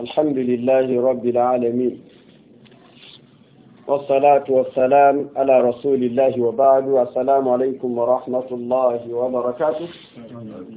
الحمد لله رب العالمين والصلاة والسلام على رسول الله وبعد السلام عليكم ورحمة الله وبركاته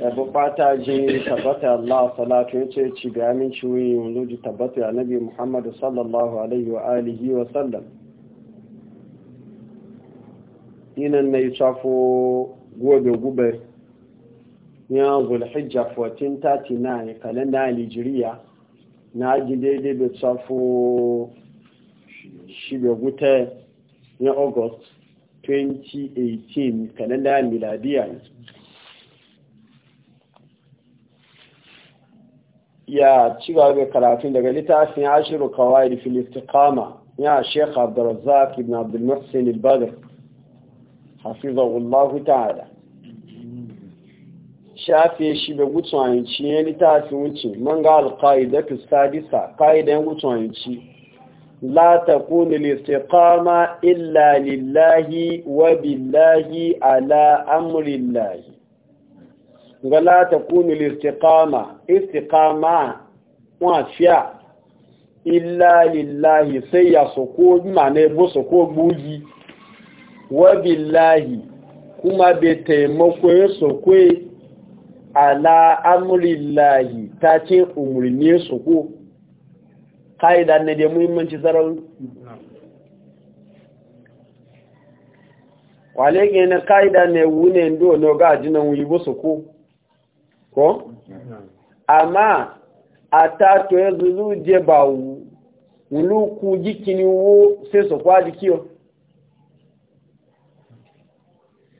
أبو باتاجي تبت الله صلاة ويتشي بأمين شوي ونوج تبت نبي محمد صلى الله عليه وآله وسلم ina na yi safo gobe-gobe ya zulhijja 1439 kalenda alijiriya na ji daidai da tsafo shiga wuta na august 2018 kanada miladiya ya ci gaba karatun daga littafin ashiru kawai da filistikama ya sheikh abdulrazak ibn abdulmassin al-badr hafizahullahu ta'ala shafe shi da gutsuwanci ya littafi wuce man ga alƙa'ida fi sadisa ƙa'idan gutsuwanci la ta kuni listiƙama illa lillahi wa billahi ala amurillahi ga la ta kuni listiƙama istiƙama wafiya illa lillahi sai ya soko mana ya soko bugi wa billahi kuma bai taimako ya soko ala amurillahi ta ce umarni su ko ƙa'ida ne da muhimmanci sarari wale ke na ƙa'ida ne wune ndo na ga jinan wuyibo su ko ko? amma a ta to ya zuru je ba wulu ku jikini wo sai su kwa jikiyo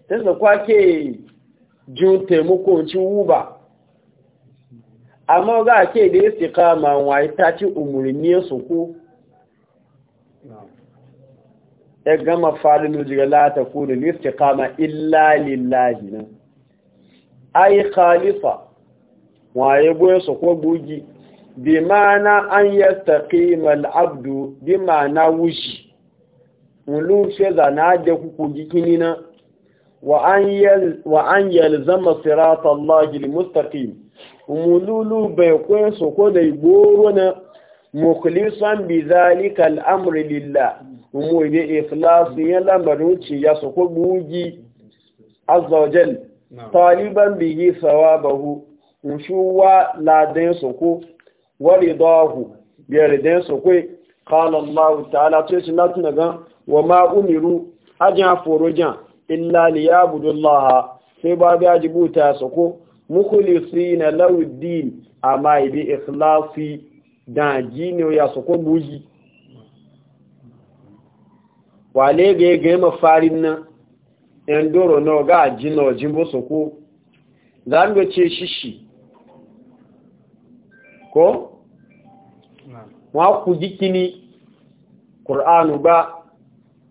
sai su kwa ke jun taimako ci wuba amma ga ke da ya fi kama waye ta ci umarni su ku ya gama falin jiga lata ku da ya illa lillahi nan ai khalifa waye goya su ko bugi bi mana an yastaqima al-abdu bi mana wushi mulu sai zana da kuku gikini na wa an zama sirata Allahi mustaqim umululu bai kwen ko da igoro na mukhlisan bi zalika al-amr lillah umu ne ikhlas ya lamarin ci ya so ko bugi azza wa taliban bihi sawabahu ushuwa ladan so ko waridahu yardan so ko qala Allah ta'ala to shi na tunaga wa ma umiru ajan forojan illa liyabudullaha sai ba biya ya su ko mukhlisina na din amma ibi ikhlasi da jino ya su ko buji wale ga ga mafarin nan yan doro no ga jino jimbo su ko zan ga ce shishi ko wa ku jikini qur'anu ba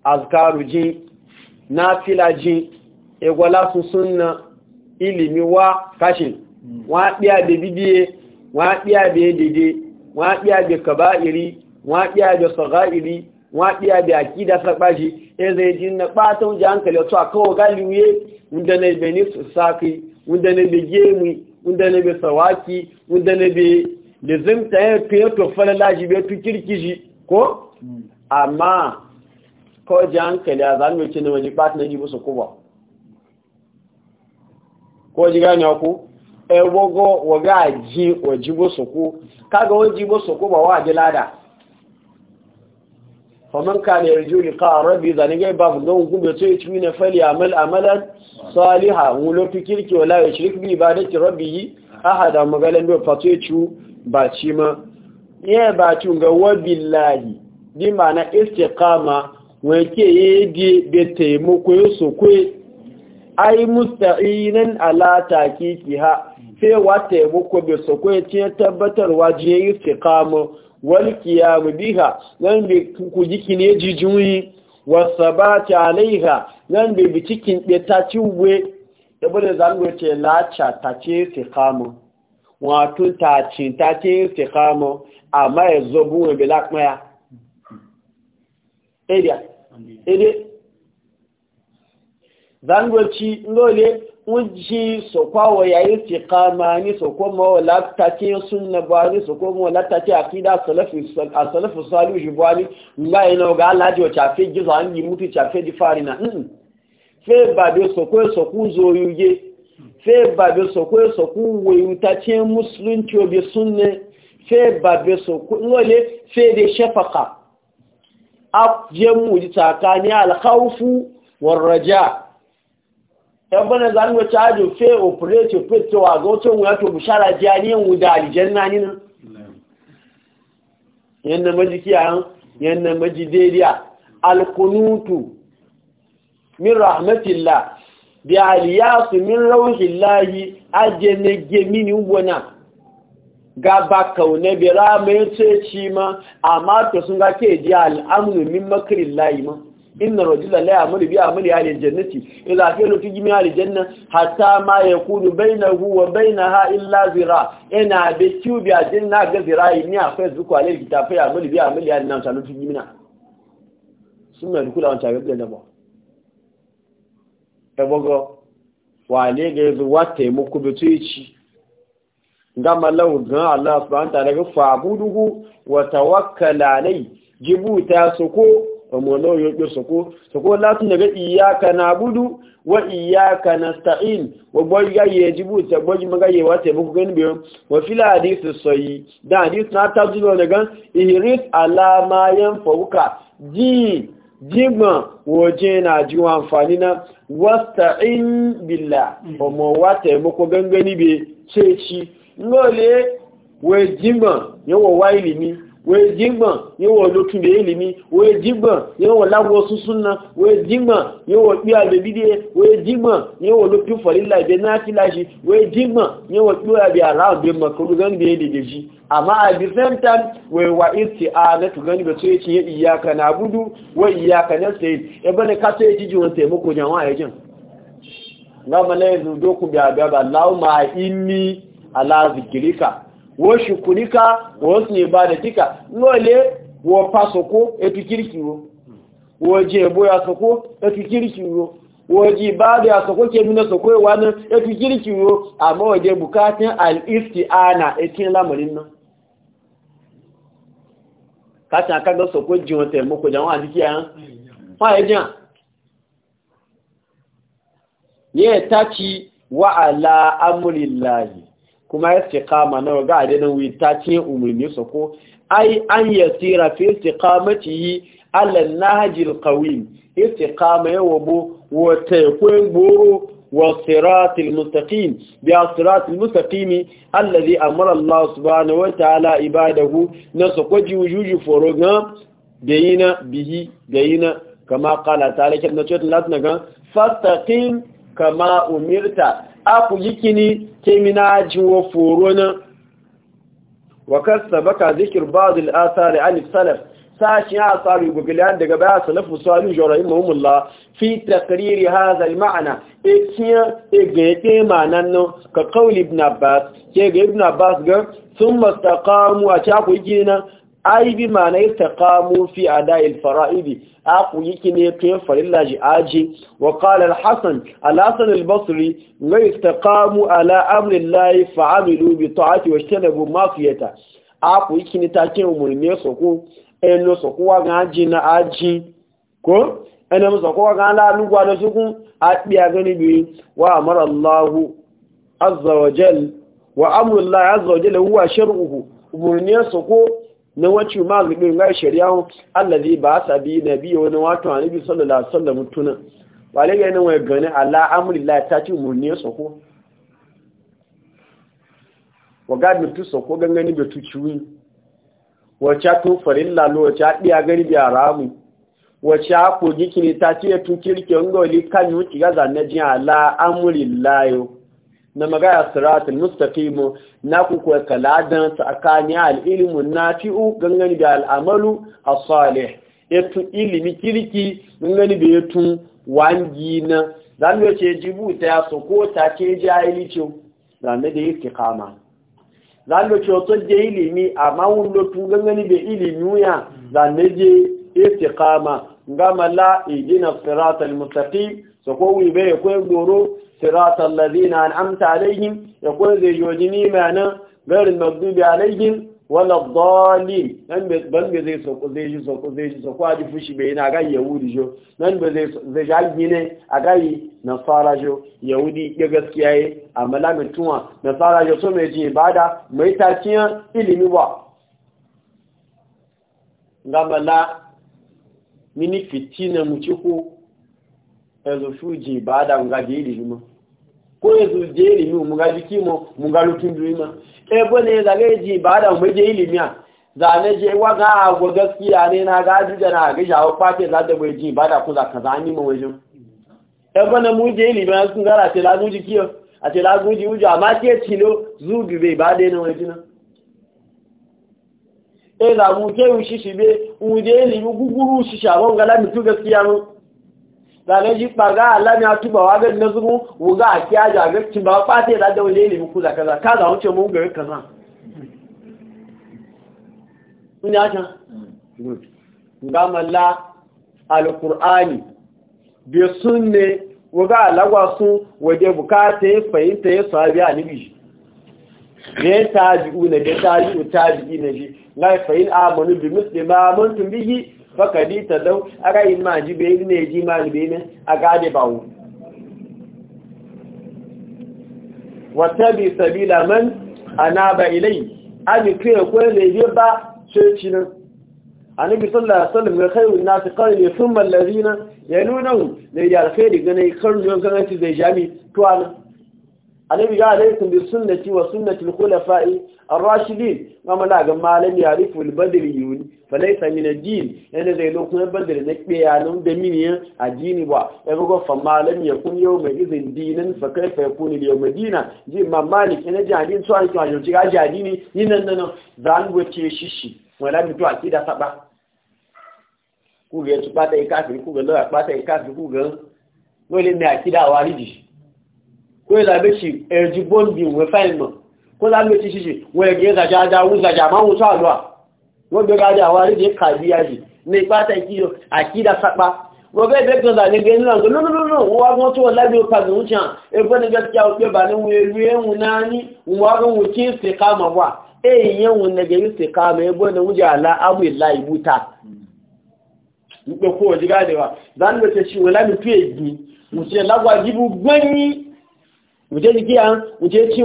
azkaru jin na filaji egwala sun sunna ilimi wa kashin wa biya da bibiye wa biya da dede wa biya da kaba'iri wa biya da saga'iri wa biya da akida sabaji e zai jin na batun ji hankali to akawo galiwe unda ne su saki unda ne be gemi unda ne be sawaki unda ne be zimta ya e e to falalaji be tu ko mm. amma kawai ji hankali a zanen ce na waje ɓata na ji musu kuma ko ji gani ku ebogo waga ji waji musu ku kaga waji musu kuma wa ji lada faman ka ne yarju Rabi rabbi zanen gai babu don gumbe to yi cimin fali amal amalan saliha wulo kirki wala ya shirk bi yi rabbi ahada magalan do fato yi ciu ba ci ma ye ba ci ga wabillahi bi ma'ana istiqama wake yi di da taimako ya sokwe ai musta'inan ala kiki ha sai wa taimako bai sokwe ce tabbatarwa jiye yi istiqama wal qiyam ha nan bi ku jiki ne jijuyi wasabati alaiha nan bi bicikin be ta ciwe da bude zangon ce lacha ta ce istiqama wato ta cin ta ce istiqama amma yazo buwe bilakmaya Area. ede zangoci lole wujji sokwawo yayi tiqama ni sokwa mawla take sunna bani sokwa mawla take akida salafi salafu salihu bani ngai no ga alaji o chafe gizo an yi mutu chafe di farina mm fe babe sokwa sokwa zo yuge fe babe sokwa sokwa wayu take musulunci obi sunne fe babe sokwa lole fe de shafaka afjemu ji tsakani alkhawfu war raja yan bana zan wa charge fe operate fe to wa go to wa to bushara mu da aljanna ni nan yanna majikiya yanna majideriya alqunutu min rahmatillah bi aliyasu min rawhillahi ajene gemini ubona gaba kaune bera mai ceci ma amma to sun ga ke ji al'amuru min makirin layi ma inna rajula la ya'muru bi amri ahli jannati idha kana fi jami'i ahli janna hatta ma yakunu bainahu wa bainaha illa zira ina bi tubi ajinna ga zira ni a facebook wa lil kitafi amri bi amri ahli nan sanu jimina sunna da wancan ga da ba bogo wa ne ga zuwa taimako bi tuci gama lahu gan Allah subhanahu ta'ala ga fabuduhu wa tawakkal alai jibuta suko amolo yobe suko suko latin daga iyyaka nabudu wa iyyaka nasta'in wa boyga ye jibuta boji magaye wate buku gani biyo wa fil hadith sayi da hadith na tajulo gan, ihris ala ma yanfauka ji jigma waje na ji wa amfani na wasta'in billah ba mo wate muku gangani be ce ci ngole wejigban yawo wa ilimi wejigban yawo olotun ilimi wejigban yawo lawo susun na wejigban yawo bi alebide wejigban yawo lotun farilla be na filashi wejigban yawo duwa bi around be makuru gan be de amma at the same time we wa isti'ana to gani be so yace iyyaka na'budu wa iyyaka nasta'in ka so yace jiwon taimako na ala zikirika wo shukurika wo sun ibadatika ngole wo pasoko epikiriki wo wo je ebo ya soko epikiriki wo wo ji ibada ya soko ke mina soko wa na epikiriki wo amma wo je bukatin al ana etin lamarin nan kati akagbọ́ sọ pé jíwọn tẹ̀ mọ́ kòjá wọn àti kí ẹran e fún ẹjá ní ẹ̀ta wa ala àlà amúrìláyìí kuma ya istiqama na ga adenan wita ce umurni su ko ai an yasira fi istiqamatihi ala nahji alqawim istiqama yawu wa taqwin buru wa sirat almustaqim bi sirat almustaqim alladhi amara Allah subhanahu wa ta'ala ibadahu nasu kwaji wujuju foroga bihi bayina kama qala ta'ala kana cewa latna ga fastaqim kama umirta aku yikini kemina jiwo foro na wa kasabaka zikr ba'd al-athar an salaf sashi ya tsari gugulan daga baya salafu salu jarayimullah fi taqrir hadha al-ma'na ikiya e igete manan no ka qawli ibn abbas ke ga ibn abbas ga thumma taqamu a ta ku yikina ai bi ma na istaqamu fi ada'il fara'idi aku yake ne to farilla ji aje wa qala al-hasan al-hasan al-basri la istaqamu ala amri llahi fa'amilu bi ta'ati wa ishtanabu mafiyata aku yake ne take umurne soko eno soko wa gaji na aji ko eno soko wa ga la lugwa da suku a biya gani bi wa amara allahu azza wa jal wa amru llahi azza wa jalla huwa shar'uhu umurne soko na wacce ma gudun ga shari'a Allah zai ba sa bi na biya wani wato a nabi sallallahu alaihi wasallam tuna ba lai ga nan wai gani ala amrulillah ta ci ne soko wa ga mutu soko gangani da tuciwi wacce to farilla lo wacce diya gari bi aramu wacce ko gikini ta ci ya tukirke ngoli kan yuci ga zanne jin ala amrulillah yo na magaya siratul mustaqim na ku ku kaladan tsakani al ilmu nafi'u gangan da al amalu as salih etu ilimi kirki gangan da tun wangi na ce jibuta ya so ko ta ce jahilici zan da kama ce to je ilimi a wun lo tu gangan da ilimi ya zan je istiqama kama. la idina siratul mustaqim so ko wi be ko goro صراط الذين أنعمت عليهم يقول ذي يوجني معنا غير المغضوب عليهم ولا الضالين nan ban be zai soko zai ji soko zai ji soko aji fushi bai yana ga yahudi jo nan be zai ne a ga nasara jo yahudi ya gaskiya yi amala tuwa. nasara jo so mai ji ibada mai ilimi ba ngamala mini fitina mu ezo fuji baada ngaji ilimo kwezo jeli yu mungaji kimo mungalutundu ima ebo ne zage ji baada umeje ilimia zane je waga agwa gaskiya ne na gaji da na ga jawo fate za da baada ku za kaza ni mu wajo ebo na muje ilimia sun gara ce lagu ji kiyo a ce lagu ji ujo amma ke tilo zubi bai baade na wajina e da mu ke ushishi be mu je ilimi guguru ushishi abon ga la mitu gaskiya mu zane ji ɓarga Allah ya tuba wa gani na zuru ga a kiya ga cin ba ɓata ya zaɗa wani ilimin kuza kaza ka za wuce mun gari kaza ina ga malla alqur'ani bi sunne ga lagwa sun waje bukata ya fahimta ya sabi a nibi da ta tabi'u na ta tabi'u tabi'i na shi na fahim amonu bi muslima mun tun bihi fakadi ta dau aka yi ma ji bai ne ji ma ji ne a gade ba wu wata bi sabila man ana ba ilai an yi kai kwaya ne yi ba ceci nan annabi sallallahu alaihi wasallam ya kai na ta kare sun mallazina ya nuna ne ya alkhairi gane karnuwan kananci zai jami tuwa annabi ya alaikum bi sunnati wa sunnati al-khulafa'i ar-rashidin kama la ga malami yarifu al-badri yuni falaisa mina din yana zai lokacin badar na kiyalan da min ya ajini ba ya bugo fama malam ya kun yau mai izin dinin fa kai fa yakun yau madina ji ma malik yana jadin so an kiyalan ji ga jadini yin nan nan zan wace shishi wani abin to akida saba ku ga su bata yi kafin ku ga lawa bata yi kafiri ku ga wale ne akida wariji ko ya zabe shi erjibon bin wa fa'in ko zabe shi shi wale ga ya zaja da wuza jama'u ta alwa wọ́n gbé gájá àwọn àríjẹ́ kàbíyàjì ní ipá tẹ́kíyọ àkídà sápá wọ́n gbé ẹgbẹ́ gbọ́nà ní gẹ́nà ọ̀gọ́ lónìí wọ́n tó wọ́n oúnjẹ kí ń tí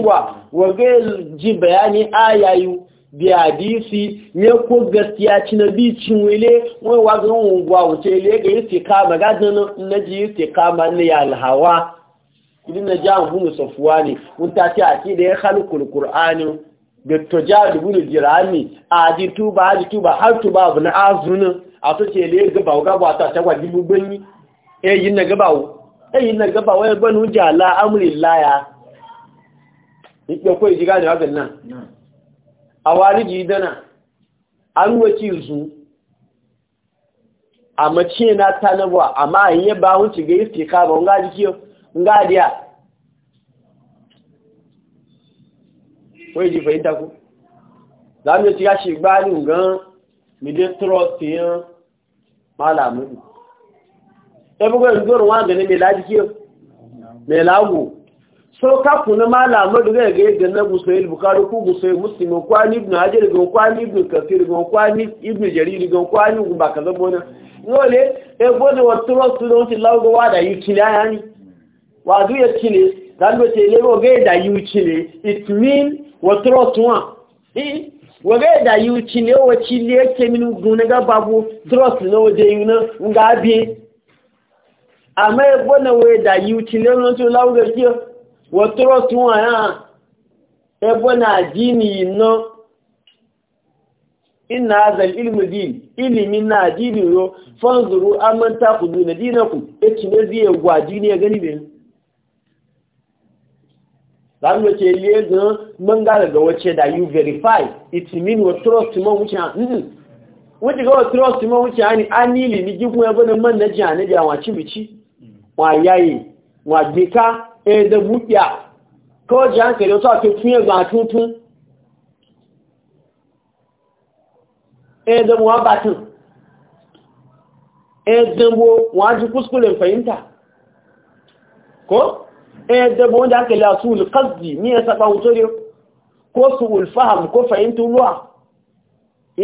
wà bẹ̀yà ní bi hadisi ne ko gaskiya ci na bi cin wele wai wa zan wungwa wuce le ga yi kama gadin na ji yi kama ne ya alhawa idan na ja hun safuwa ne mun ta ce a da ya halukul qur'ani da to ja dubul jirani a ji tuba a ji tuba har tuba abu na azun a to ce le ga bawo ga wata ta gwa dibu bani eh yin na gabawo eh yin na ya banu jala amrillah ya yake ko ji gane wa nan awariji dana an wace a mace na tanabuwa amma a ba wuce ga iske kaba nga jiki nga ji ku za mu ci gashi gbanin gan midistrust yin malamin e ɗabi gwanin zuwa ne mai lagu so kafu na malama daga ga yadda na gusai bukari ko gusai muslim kwani ibn hajar ga kwani ibn kafir ga kwani ibn jarir ga kwani ba ka zama na nole e gode wa turo su don ti lawo ga wada yi kila yani ya kile dan be te lego ga da yi kile it mean wa turo wa ga yi min gune ga babu no nga bi amma e wotoro tun aya ebo na dini no inna hadha al-ilmu din ilimi na dini yo fanzuru amman na dinakum eci ne zai gwa ya gani be dan wace liye daga wace da you verify it mean we trust wuce mm ni gigun ebo na man na jani da ẹ̀ẹ́dẹ̀gbù pìá kọ́ọ̀jì àǹkẹ̀lẹ̀ tó àti fún ẹgbà tuntun ẹ̀ẹ́dẹ̀gbù wọn bá tún ẹ̀ẹ́dẹ̀gbù wọn á jí kúskúlẹ̀ fẹ̀yìntà ko ẹ̀ẹ́dẹ̀gbù wọn dákẹ̀lẹ̀ àtúlù kásdì ní ẹsàpá wùtórí ko su ulfaham ko fahimtu ruwa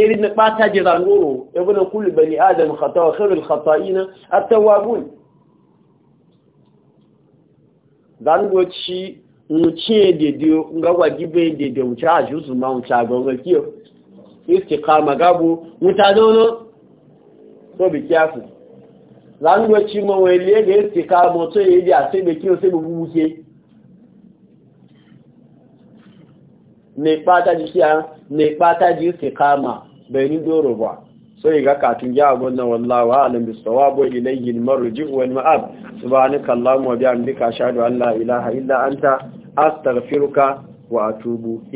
irin na ɓata jiran goro ya gudun adam zangoci wuce dede ngagwa gibe dede wuce a juzu ma wuce a gonga kiyo istikama gabo wuta nono so bi kiyasu zangoci ma wele ga istikama to yi da sai da kiyo sai bubu wuce ne pata ji kiya ne pata ji istikama bai ni doro ba so yi ga katun ya gwanna wallawa alam bi sawabo ilayhi marji wal ma'ab subhanaka allahumma wa bihamdika ashhadu an la ilaha illa anta astaghfiruka wa atubu